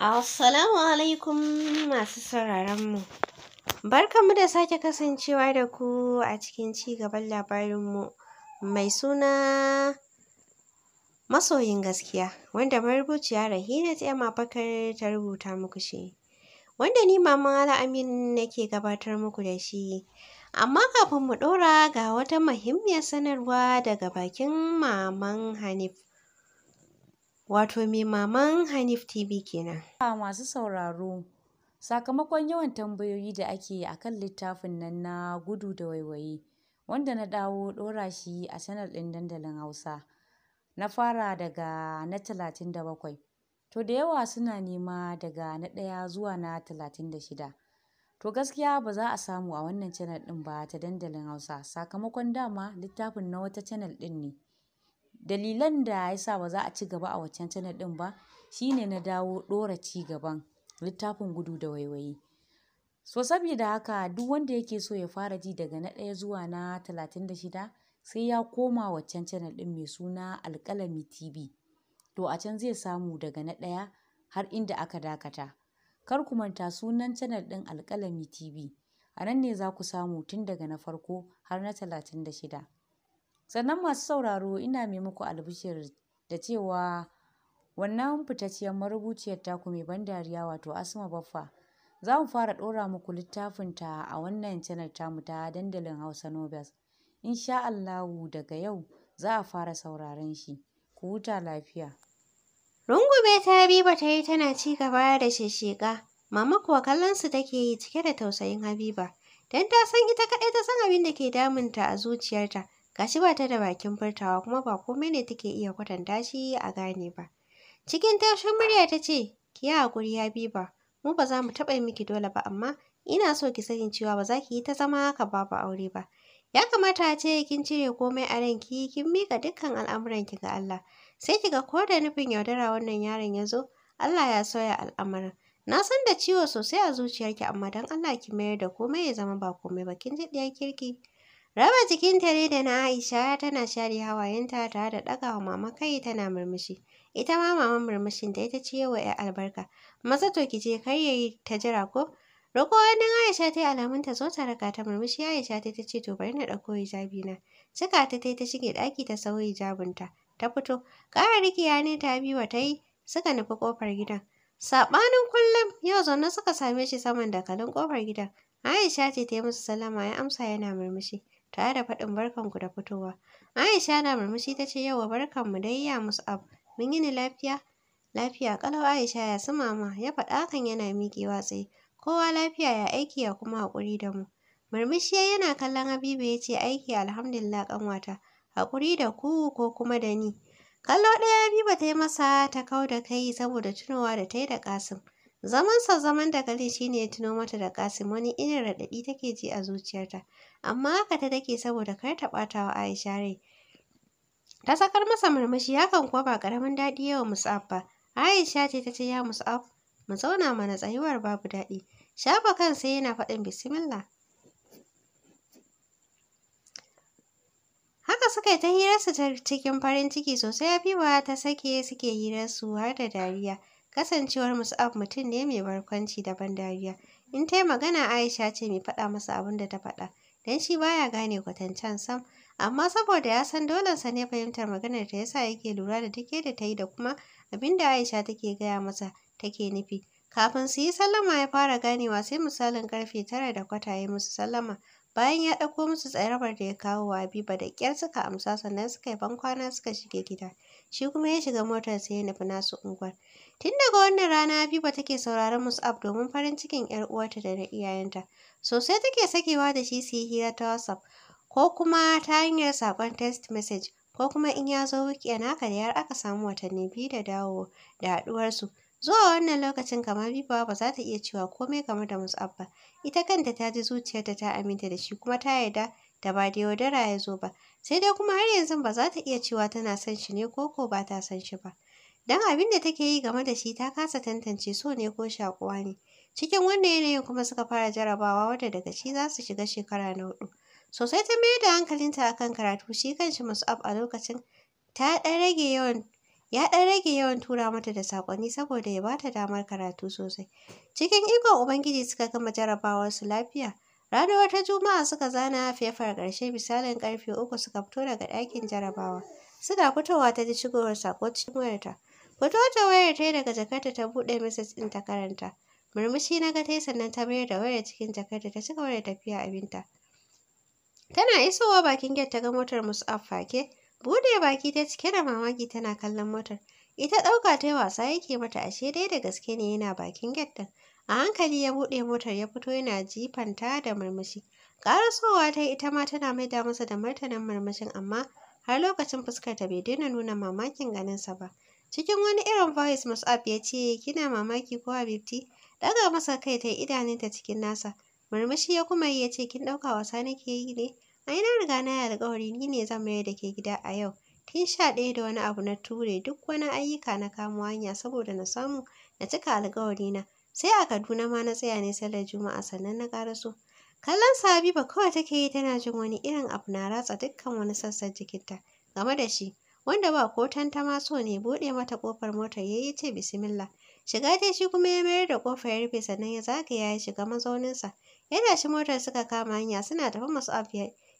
Assalamu alaikum masu Barka mu da sake kasancewa da ku a cikin ci gaban labarinmu mai suna masoyin gaskiya wanda marubuciya Rahina ta Bakar ta rubuta muku shi. Wanda ni Mama Al'amin nake gabatar muku da shi. Amma kafin mu ɗora ga wata muhimmiyar sanarwa daga bakin Maman Hanif. wato mai maman Hanif TV kenan. A ah, masu sauraro sakamakon yawan tambayoyi da ake a kan littafin nan na gudu da waiwaye wanda na dawo ɗora shi a sanar ɗin dandalin Hausa na fara daga na talatin da bakwai to da yawa suna nema daga na ɗaya zuwa na talatin da shida to gaskiya ba za a samu a wannan channel ɗin ba ta dandalin Hausa sakamakon dama littafin na wata channel ɗin ne. Dalilan da ya sa ba za a ci gaba a waccan channel ɗin ba ne na dawo ɗora ci gaban littafin gudu da waiwayi So sabida haka duk wanda yake so ya fara ji daga na ɗaya zuwa na talatin da shida sai ya koma waccan channel ɗin mai suna Alƙalami TV. To a can zai samu daga na ɗaya har inda aka dakata. Kar ku manta sunan channel ɗin Alƙalami TV. A nan ne za ku samu tun daga na farko har na talatin da shida. Sannan masu sauraro ina mai muku albishir da cewa wannan fitacciyar marubuciyar taku mai ban dariya wato Asma Baffa za mu fara ɗora muku littafinta a wannan ta tamu ta dandalin Hausa Nobels. Insha Allahu daga yau za a fara sauraren shi. Ku huta lafiya. Rungume ta Habiba ta yi tana ci gaba da shisheka. Mama kuwa kallon su take yi cike da tausayin Habiba. Don ta san ita kaɗai ta san abin da ke damunta a zuciyarta. gashi ba ta da bakin furtawa kuma ba komai ne take iya kwatanta shi a gane ba cikin tashin murya ta ce ki yi hakuri ya bi ba mu ba za mu taɓa yi miki dole ba amma ina so ki sani cewa ba za ki yi ta zama haka babu aure ba ya kamata a ce kin cire komai a ranki kin mika dukkan al'amuran ki ga Allah sai ki ga ko da nufin yaudara wannan yaron ya zo Allah ya sauya al'amuran. na san da ciwo sosai a zuciyarki amma don Allah ki mayar da komai ya zama ba komai ba kin ji ɗiyar kirki Raba jikinta tare da na Aisha tana share hawayenta tare da ɗaga wa mama kai tana murmushi. Ita ma maman murmushin ta ita ce wa ‘ya albarka. Maza to ki je kar yayi ta jira ko? Roko wannan Aisha ta yi alamun ta zo ta raka ta murmushi Aisha ta ta ce to bari na ɗauko hijabi na. Cika ta ta shige ɗaki ta sauya hijabin Ta fito. Ƙara rikiya ne ta biwa ta yi suka nufi ƙofar gidan. Saɓanin kullum yau zaune suka same shi saman dakalin ƙofar gidan. Aisha ce ta yi musu sallama ya amsa yana murmushi. tare da faɗin barkanku da fitowa. Aisha na murmushi ta ce yawa barkanmu dai ya Mus'ab, mun yi ni lafiya? Lafiya ƙalau Aisha ya su mama ya faɗa hakan yana miƙewa tsaye. Kowa lafiya ya aiki ya kuma haƙuri da mu. Murmushi yana kallon Habibu ya ce aiki alhamdulillah ƙanwata, haƙuri da ku ko kuma da ni. Kallo ɗaya Habiba ta yi masa ta kau da kai saboda tunowa da ta yi da ƙasim Zamansa zaman da gari shi ne ya tuno mata da Kasim wani irin raɗaɗi take ji a zuciyarta. amma haka ta dake saboda kar ta ɓata wa Aisha rai. Ta sakar masa murmushi hakan kuwa ba ƙaramin daɗi yawa Mus'ab ba. Aisha ce ta ce ya Mus'ab mu zauna mana tsayuwar babu daɗi. Shafa kan yana faɗin bismillah. Haka suka yi ta hirarsu ta cikin farin ciki sosai Habiba ta sake suke su har da dariya. Kasancewar Mus'ab mutum ne mai barkwanci daban dariya. In ta yi magana Aisha ce mai faɗa masa abin da ta faɗa. don shi baya gane kwatancen sam. Amma saboda ya san dolensa ne fahimtar maganar ta yasa yake lura da take da ta yi da kuma abin da Aisha take gaya masa take nufi. Kafin su yi sallama ya fara ganewa sai misalin karfe tara da kwata ya musu sallama. Bayan ya ɗauko musu tsarabar da ya kawo wa Habiba da ƙyar suka amsa sannan suka yi bankwana suka shige gida. Shi kuma ya shiga motar sai ya nufi nasu unguwar. Tun daga wannan rana Habiba take sauraron Mus'ab domin farin cikin 'yar uwarta da na iyayenta. Sosai take sakewa da shi su yi hira ta WhatsApp ko kuma ta hanyar saƙon text message ko kuma in ya zo weekend haka da yar aka samu watanni biyu da dawo da haɗuwarsu. Zuwa wannan lokacin kamar Habiba ba za ta iya cewa komai game da Mus'ab ba. Ita kanta ta ji zuciyarta ta aminta da shi kuma ta yarda da ba yaudara ya zo ba. Sai dai kuma har yanzu ba za ta iya cewa tana son shi ne ko ko ba ta son shi ba. Don abin da take yi game da shi ta kasa tantance so ne ko shakuwa ne. Cikin wannan yanayin kuma suka fara jarabawa wadda daga shi za su shiga shekara na hudu. Sosai ta mayar da hankalinta akan karatu shi kanshi ab a lokacin ta rage yawan ya ɗan rage yawan tura mata da sakonni saboda ya bata damar karatu sosai. Cikin ikon Ubangiji suka gama jarabawar su lafiya. Ranar wata Juma'a suka zana fefar ƙarshe misalin karfe uku suka fito daga ɗakin jarabawa. Suna fitowa ta ji shigowar saƙo cikin wayarta. Fito ta wayar ta daga jakarta ta buɗe masa ɗin ta karanta. Murmushi na ga ta sannan ta mayar da wayar cikin jakarta ta cika da tafiya abinta. Tana isowa bakin gate ta ga motar Mus'ab fake. Bude baki ta cike da mamaki tana kallon motar. Ita ɗauka ta wasa yake mata ashe dai da gaske ne yana bakin gate ɗin. A hankali ya buɗe motar ya fito yana jifanta da murmushi. Karasowa ta ita ma tana maida masa da martanin murmushin amma har lokacin fuskar ta bai daina nuna mamakin ganinsa ba. Cikin wani irin voice Mus'ab ya ce, kina mamaki ko Habibti? Daga masa kai ta idanunta cikin nasa. Murmushi ya kuma yi ya ce, kin ɗauka wasa nake yi ne? A ina riga na yi alƙawari ni ne zan mayar da ke gida a yau. Kin sha ɗaya da wani abu na ture duk wani ayyuka na kamo hanya saboda na samu na cika alƙawari na. Sai a Kaduna ma na tsaya ne sallar Juma'a sannan na ƙaraso. Kallon Habiba kawai take yi tana jin wani irin abu na ratsa dukkan wani sassan jikinta game da shi. wanda ba ko tantama so ne buɗe mata kofar motar ya yi ce bismillah. Shiga dai shi kuma ya mayar da kofar ya rufe sannan ya zagaya ya shiga mazaunin sa Ya tashi motar suka kama hanya suna tafi masu abu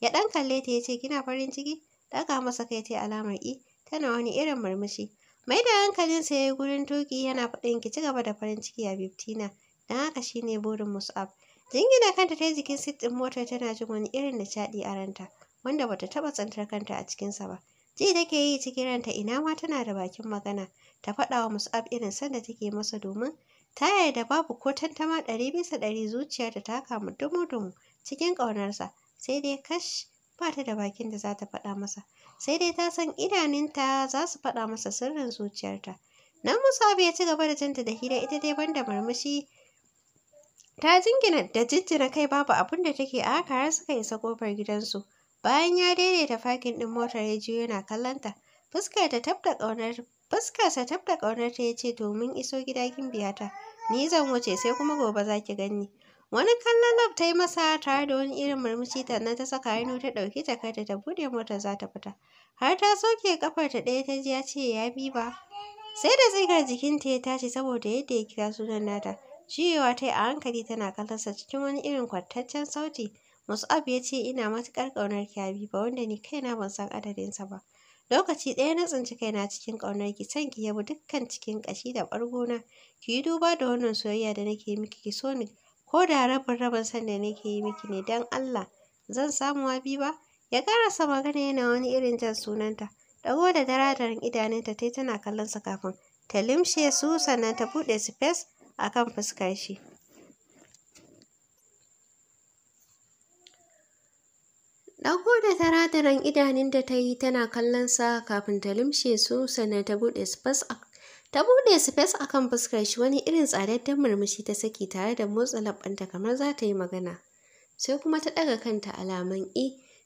ya ɗan kalle ta ya ce kina farin ciki? Ɗaka masa kai ta alamar i eh. tana wani irin murmushi. Mai da hankalinsa ya yi gurin tuki yana faɗin ki ci gaba da farin ciki a biftina dan haka shine burin Mus'ab. Jingina kanta ta jikin sit ɗin motar tana jin wani irin nishaɗi a ranta wanda bata taɓa tsantar kanta a cikinsa ba. Ji take yi cikin ranta ina ma tana da bakin magana ta faɗa wa Mus'ab irin sanda take masa domin ta yarda babu ko tantama ɗari bisa ɗari zuciyarta ta kamu dumu-dumu cikin ƙaunarsa sai dai kash ba ta da bakin da za ta faɗa masa sai dai ta san idaninta za su faɗa masa sirrin zuciyarta. Nan Mus'ab ya ci gaba da ta da hira ita dai banda murmushi ta jingina da jijjina kai babu abin da take a haka har suka isa kofar gidansu. Bayan ya daidaita fakin ɗin motar ya juyo yana kallonta, fuskar ta tabda ƙaunar fuskarsa tabda ƙaunar ta ya ce to iso gida biyata. ni zan wuce sai kuma gobe za ki ganni. Wani kallon lab ta yi masa tare da wani irin murmushi sannan ta saka hannu ta ɗauki jakarta ta buɗe motar za ta fita. Har ta soke kafar ta ɗaya ta ji ya ce ya bi ba. Sai da tsigar jikinta ya tashi saboda yadda ya kira sunan nata. Juyewa ta yi a hankali tana kallonsa cikin wani irin kwantaccen sauti. Mus'ab ya ce ina matuƙar ƙaunar ki ba wanda ni kaina ban san adadinsa ba. Lokaci ɗaya na tsinci kaina cikin ƙaunar ki san ki yabi dukkan cikin ƙashi da ɓargona. Ki yi duba da wannan soyayya da nake yi miki ki so ni ko da rabin rabin san da nake yi miki ne dan Allah zan samu ba Ya karasa magana yana wani irin jan sunanta. Dago da daradarin idanunta tai tana kallonsa kafin ta limshe su sannan ta buɗe space a kan fuskar shi. Ɗauko da tarataran idanun da ta yi tana kallon sa kafin ta limshe su sannan ta buɗe space a ta buɗe space a kan fuskar shi wani irin tsadaddan murmushi ta saki tare da motsa labbanta kamar za ta yi magana. Sai kuma ta ɗaga kanta alaman E.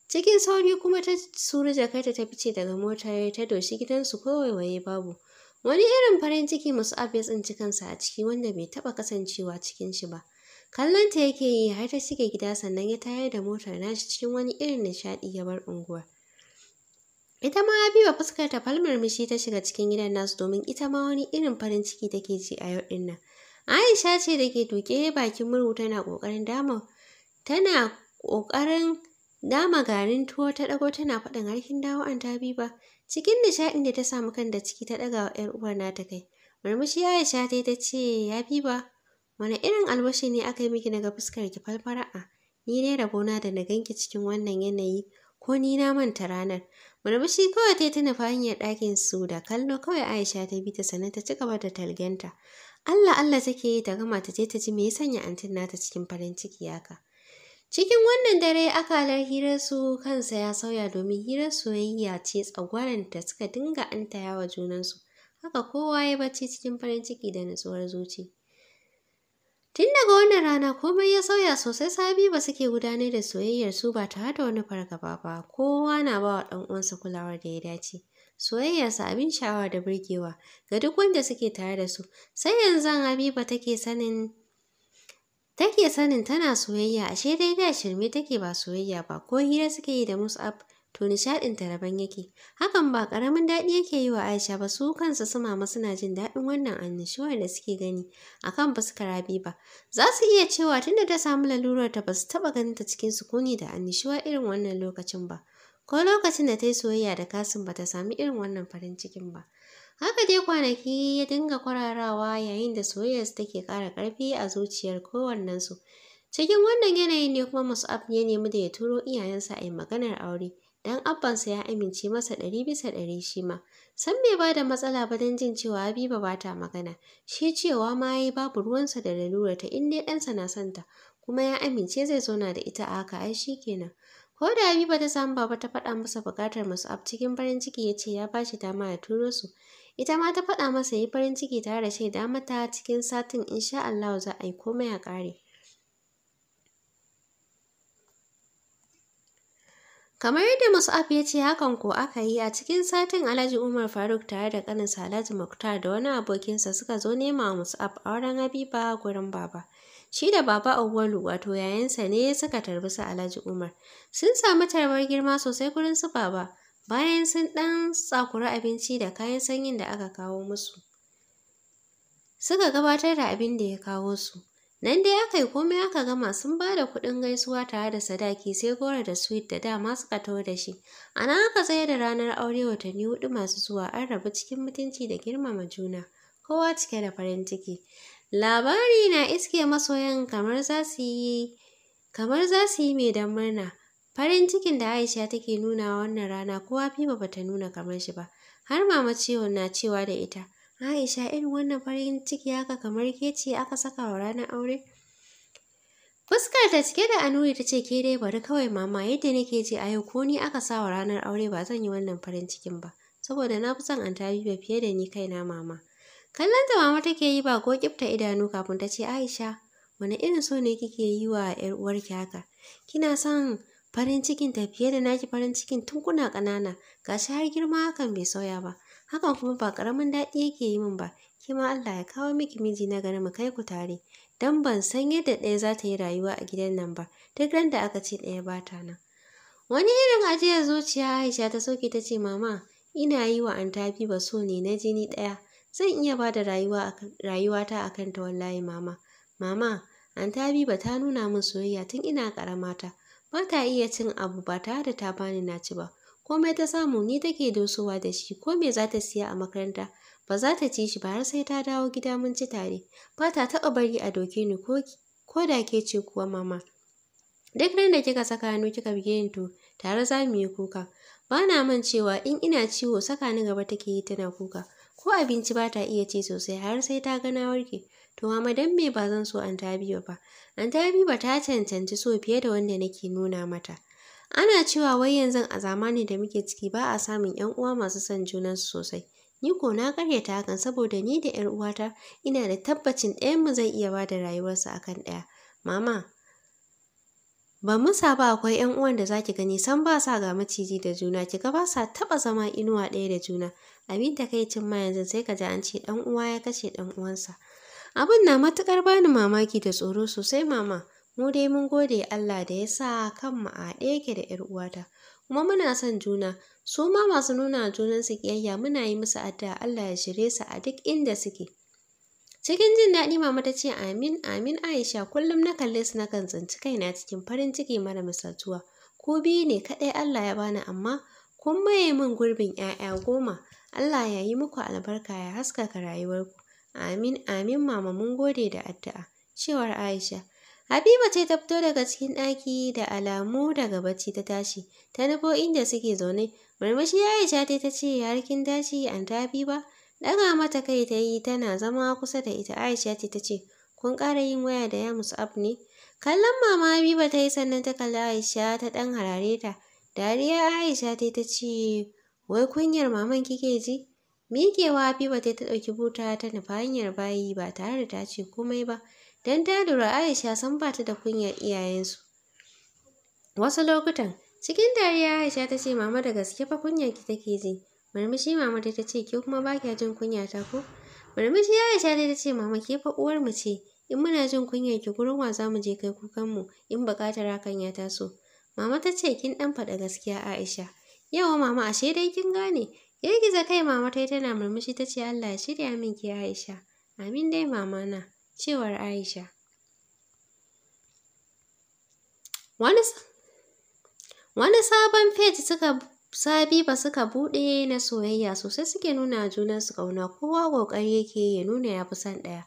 Cikin sauri kuma ta suri jakarta ta fice daga mota motar ta doshi gidansu waye babu. Wani irin farin ciki masu abin tsinci kansa a ciki wanda bai taɓa kasancewa cikin shi ba. Kallon ta yake yi har ta shiga gida sannan ya tayar da motar nashi cikin wani irin nishaɗi ya bar unguwa. Ita ma Habiba fuskar ta falmar mishi ta shiga cikin gidan nasu domin ita ma wani irin farin ciki take ji a yau din nan. Aisha ce da ke duke bakin murhu tana ƙoƙarin dama tana ƙoƙarin dama garin tuwo ta ɗago tana faɗin harkin dawo an ta Habiba. Cikin nishaɗin da ta samu kan da ciki ta ɗaga wa ‘yar uwar nata kai. Murmushi Aisha ta tace ya Habiba wane irin albashi ne aka yi miki daga fuskar ki falfara'a? Ni ne rabona da na ganki cikin wannan yanayi ko ni na manta ranar. Murmushi kawai ta tuna hanyar ɗakin su da kallo kawai Aisha ta bi ta sannan ta ci gaba da talgenta. Allah Allah take yi ta gama ta je ta ji me ya sanya antin nata cikin farin ciki haka. Cikin wannan dare akalar hirar su kansa ya sauya domin hirar soyayya ce tsagwaran da suka dinga wa junansu. Haka kowa ya bacci cikin farin ciki da nutsuwar zuci. Tun daga wannan rana komai ya sauya sosai Sabiba suke gudanar da soyayyar su ba tare da wani fargaba ba, kowa na ba wa ɗan uwansa kulawar da ya dace. Soyayyarsa abin sha'awa da burgewa ga duk wanda suke tare da su. Sai yanzu Habiba take sanin take sanin tana soyayya ashe dai da shirme take ba soyayya ba ko hira suke yi da Mus'ab to nishaɗinta daban yake. Hakan ba karamin daɗi yake yi wa Aisha ba su kansa su mama suna jin daɗin wannan annishuwar da suke gani a kan fuskar ba. Za su iya cewa tunda ta samu lalurar ta ba su taɓa ganin ta cikin sukuni da annishuwa irin wannan lokacin ba. Ko lokacin da ta yi soyayya da kasin ba ta sami irin wannan farin cikin ba. Haka dai kwanaki ya dinga kwararawa yayin da su take kara karfi a zuciyar kowannensu. Cikin wannan yanayin ne kuma Mus'ab ya nemi da ya turo iyayensa a yi maganar aure. dan abbansa ya amince masa ɗari bisa ɗari shi ma. San bai ba da matsala ba don jin cewa Habiba ba ta magana, shi cewa ma ya yi babu ruwansa da lalura ta in dai ɗansa na santa, kuma ya amince zai zauna da ita a haka ai shi kenan. Ko da Habiba ta samu baba ta faɗa masa buƙatar masu ab cikin farin ciki ya ce ya ba shi dama ya turo su. Ita ma ta faɗa masa ya yi farin ciki tare da shaida mata cikin satin insha Allah za a yi komai a ƙare. Kamar yadda Mus'ab ya ce hakan ko aka yi a cikin satin Alhaji Umar Faruk tare da ƙaninsa Alhaji Muktar da wani abokinsa suka zo nema Mus'ab a wurin Habiba gurin baba. Shi da baba Auwalu wato yayansa ne suka tarbi su Alhaji Umar. Sun samu tarbar girma sosai gurin su baba bayan sun ɗan tsakuri abinci da kayan sanyin da aka kawo musu. Suka gabatar da abin da ya kawo su. Nan dai aka yi komai aka gama sun ba da kuɗin gaisuwa tare da sadaki sai goro da sweet da dama suka taho da shi. A nan aka tsaye da ranar aure watanni huɗu masu zuwa an rabu cikin mutunci da girmama juna, kowa cike da farin ciki. Labari na iske masoyan kamar za su yi mai dan murna. Farin cikin da Aisha take nuna wannan rana kowa ba ta nuna kamar shi ba, har mama ciwon na cewa da ita. Aisha irin wannan farin ciki haka kamar ke ce aka saka wa ranar aure. Fuskar ta cike da anuri ta ce ke dai bari kawai mama yadda nake ji a yau ko ni aka sa wa ranar aure ba zan yi wannan farin cikin ba saboda na fi son an ta fiye da ni kaina mama. Kallon ta mama take yi ba ko kifta idanu kafin ta ce Aisha wani irin so ne kike yi wa ‘yar uwarki haka? Kina son farin cikin ta fiye da naki farin cikin tun kuna ƙanana gashi har girma hakan bai sauya ba. hakan kuma ba ƙaramin daɗi yake yi min ba kima ma Allah ya kawo miki miji na gari mu kai ku tare dan ban san yadda ɗaya za ta yi rayuwa a gidan nan ba duk ran da aka ce ɗaya ba ta nan wani irin ajiyar zuciya Aisha ta soke ta ce mama ina yi wa an tafi ba so ne na jini ɗaya zan iya ba da rayuwata a kanta wallahi mama mama an tafi ba ta nuna min soyayya tun ina ƙaramata ba ta iya cin abu ba tare da ta bani na ci ba komai ta samu ni take dosowa da shi ko me za ta siya a makaranta ba za ta ci shi ba har sai ta dawo gida mun ci tare ba ta taɓa bari a doke ni ko da ke ce kuwa mama duk ran da kika saka hannu kika bige ni to tare za mu yi kuka ba na man cewa in ina ciwo saka ni gaba take yi tana kuka ko abinci ba ta iya ci sosai har sai ta gana warke to mama dan me ba zan so an biyo ba an ba ta cancanci so fiye da wanda nake nuna mata Ana cewa wai yanzu a zamanin da muke ciki ba a samun 'yan uwa masu son junansu sosai. Ni ko na karyata hakan saboda ni da 'yar uwata ina da tabbacin ɗayan mu zai iya ba da rayuwarsa akan ɗaya. Mama, ba mu saba akwai 'yan uwan da zaki gani san ba sa ga maciji da juna ki ga ba sa taɓa zama inuwa ɗaya da juna. Abin da kai ma yanzu sai ka ji an ce ɗan uwa ya kashe ɗan uwansa. Abin na matuƙar bani mamaki da tsoro sosai mama. Mu dai mun gode Allah da ya sa kanmu a ɗaya yake da ‘yar uwata, kuma muna son juna, su ma masu nuna junan junansu ƙiyayya muna yi musu addu'a Allah ya shirye su a duk inda suke. Cikin jin daɗi mama ta ce amin amin Aisha kullum na kalle su nakan tsinci kaina cikin farin ciki mara misaltuwa. Ku biyu ne kaɗai Allah ya bani amma kun maye min gurbin ‘ya'ya goma. Allah ya yi muku albarka ya haskaka rayuwarku. Amin amin mama mun gode da addu'a. Cewar Aisha Habiba ce ta fito daga cikin ɗaki da alamu daga bacci ta tashi, ta nufo inda suke zaune. Murmushi Aisha ta ta ce har kin tashi an ta Habiba? Ɗaga mata kai ta yi tana zama kusa da ita Aisha ce ta ce kun ƙara yin waya da ya Mus'ab ne? Kallon mama Habiba ta yi sannan ta kalli Aisha ta ɗan harare ta. Dariya Aisha ta ta ce wai kunyar maman kike ji? Mikewa Habiba ta ta ɗauki buta ta nufa hanyar bayi ba tare da ta ce komai ba. don ta lura Aisha san ba ta da kunyar iyayensu. Wasu lokutan, cikin dariya Aisha ta ce mama da gaske fa kunyar ki take ji. Murmushi mama ta ce ki kuma ba kya jin kunya ta ko? Murmushi Aisha ta ce mama ke fa uwar mu ce. In muna jin kunyar ki gurin wa zamu je kai kukan mu in buƙatar hakan ya taso. Mama ta ce kin dan faɗa gaskiya Aisha. Yawa mama ashe dai kin gane. giza kai mama ta yi tana murmushi ta ce Allah ya shirya min ki Aisha. Amin dai mama na. cewar Aisha. Wani, wani sabon feji suka ba suka buɗe na soyayya sosai suke nuna su ƙauna kowa ƙoƙari yake ya nuna ya fi son ɗaya.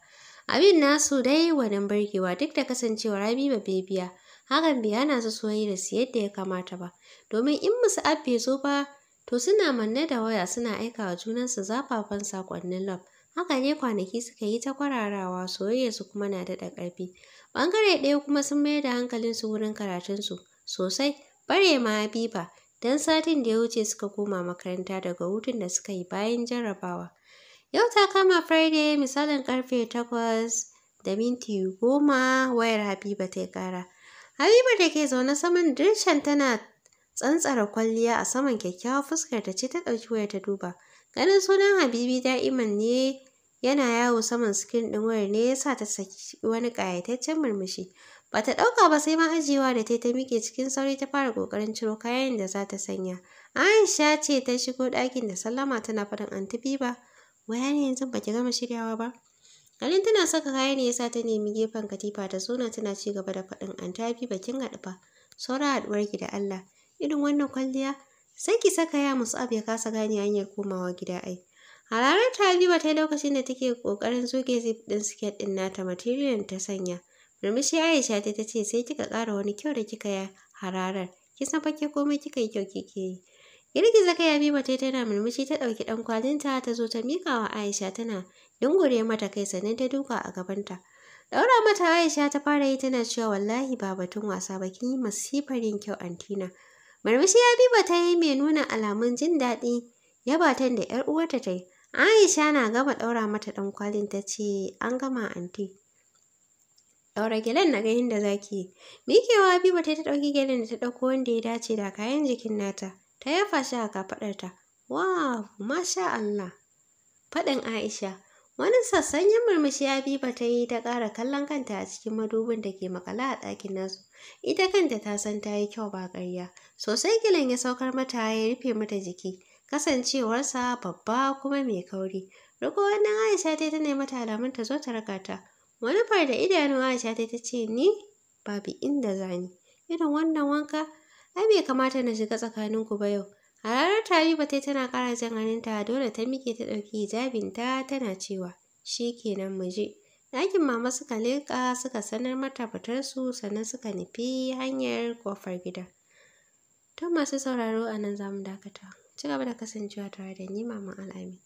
Abin nasu dai wadan barkewa duk da kasancewar Habiba bai biya. Hakan bai hana su soyayya da su yadda ya kamata ba. Domin in musu abbe zo ba to suna manne da waya suna aikawa wa junansu zafafan saƙonnin love Haka ne kwanaki suka yi ta kwararawa soyayyarsu kuma na daɗa ƙarfi. Ɓangare ɗaya kuma sun mayar da hankalinsu wurin karatunsu sosai, bare ma Habiba, don satin da ya wuce suka koma makaranta daga hutun da suka yi bayan jarrabawa. Yau ta kama Friday misalin ƙarfe takwas da minti goma wayar Habiba ta yi ƙara. Habiba da ke zaune saman dirshan tana tsantsara kwalliya a saman kyakkyawar fuskar ta ce ta ɗauki wayar ta duba. Ganin sunan Habibi da'iman ne yana yawo saman sikirin ɗin wayar ne ya sa ta saki wani ƙayataccen murmushi. Ba ta ɗauka ba sai ma ajiyewa da ta ta miƙe cikin sauri ta fara ƙoƙarin ciro kayan da za ta sanya. Aisha ce ta shigo ɗakin da sallama tana faɗin anti Biba, waya ne yanzu ba ki gama shiryawa ba? Halin tana saka kayan ne ya sa ta nemi gefen katifa ta suna tana ci gaba da faɗin an tafi kin haɗu ba, Saura haɗuwar ki da Allah. Irin wannan kwalliya Sai ki saka ya Mus'ab ya kasa gane hanyar komawa gida ai. Hararar ta Habiba ta lokacin da take kokarin zuge zip din siket din nata material ta sanya. Murmushi Aisha ta ce sai kika ƙara wani kyau da kika ya hararar. Ki san fa ke komai kika yi kyau kike yi. Girgiza kai Habiba ta tana murmushi ta ɗauki ɗan kwalinta ta zo ta mika wa Aisha tana dungure mata kai sannan ta duka a gabanta. Daura mata Aisha ta fara yi tana cewa wallahi ba batun wasa ba kin yi masifar yin kyau antina. bi ba ta yi mai nuna alamun jin daɗi, yabatan da ‘yar uwarta ta yi. Aisha na gama ɗaura mata ɗan kwalin ta ce, An gama anti. Ɗaura gyalen na ga da za ki yi. Mikewa Habiba ta ɗauki gyalen da ta ɗauko wanda ya dace da kayan jikin nata. Ta yafa shi a kafaɗarta. Wow, masha Allah. Faɗin Aisha. Wani sassanyen murmushi Habiba ta yi ta ƙara kallon kanta a cikin madubin da ke makala a ɗakin nasu. Ita kanta ta san ta yi kyau ba ƙarya. Sosai gilan ya saukar mata ya rufe mata jiki. Kasancewarsa babba kuma mai kauri. Riko wannan Aisha ta ta nemi alamun ta zo ta raka ta. Wani far da idanun Aisha ta ce ni babu inda zani. Irin wannan wanka ai bai kamata na shiga tsakaninku ba yau. A ranar tarihi, ba tana ƙara jan hannunta dole ta miƙe ta ɗauki hijabinta tana cewa shi kenan mu je. Ɗakin mama suka leƙa suka sanar mata fitarsu sannan suka nufi hanyar kofar gida. Don masu sauraro a nan za mu dakata. Ci gaba da kasancewa tare da ni Maman Al'amin.